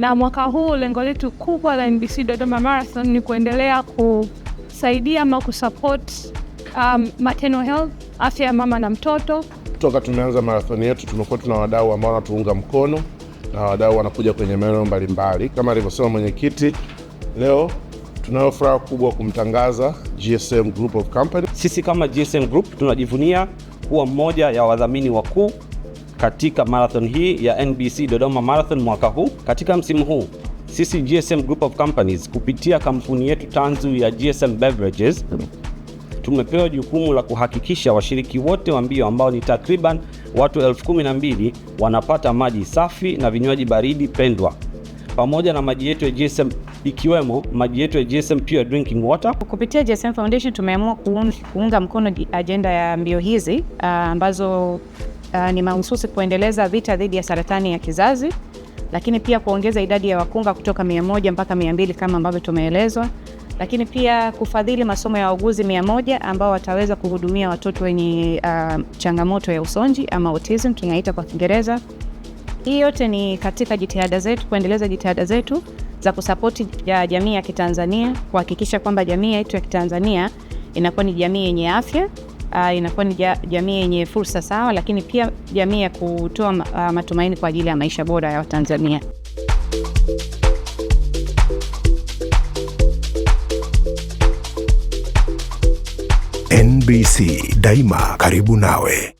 na mwaka huu lengo letu kubwa la NBC Dodoma Marathon ni kuendelea kusaidia ama kusupport um, maternal health, afya ya mama na mtoto. Toka tumeanza marathoni yetu tumekuwa tuna wadau ambao wanatuunga mkono na wadau wanakuja kwenye maeneo mbalimbali kama alivyosema mwenyekiti. Leo tunayo furaha kubwa kumtangaza GSM Group of Company. Sisi kama GSM Group tunajivunia kuwa mmoja ya wadhamini wakuu katika marathon hii ya NBC Dodoma Marathon mwaka huu. Katika msimu huu sisi GSM Group of Companies kupitia kampuni yetu tanzu ya GSM Beverages tumepewa jukumu la kuhakikisha washiriki wote wa mbio ambao ni takriban watu elfu kumi na mbili wanapata maji safi na vinywaji baridi pendwa pamoja na maji yetu ya GSM ikiwemo maji yetu ya GSM Pure Drinking Water. Kupitia GSM Foundation tumeamua kuunga mkono ajenda ya mbio hizi ah, ambazo uh, ni mahususi kuendeleza vita dhidi ya saratani ya kizazi, lakini pia kuongeza idadi ya wakunga kutoka 100 mpaka 200 kama ambavyo tumeelezwa, lakini pia kufadhili masomo ya wauguzi 100 ambao wataweza kuhudumia watoto wenye uh, changamoto ya usonji ama autism tunaita kwa Kiingereza. Hii yote ni katika jitihada zetu kuendeleza jitihada zetu za kusapoti ya jamii ya Kitanzania kuhakikisha kwamba jamii yetu ya Kitanzania inakuwa ni jamii yenye afya uh, inakuwa ni jamii yenye fursa sawa, lakini pia jamii ya kutoa uh, matumaini kwa ajili ya maisha bora ya Watanzania. NBC daima karibu nawe.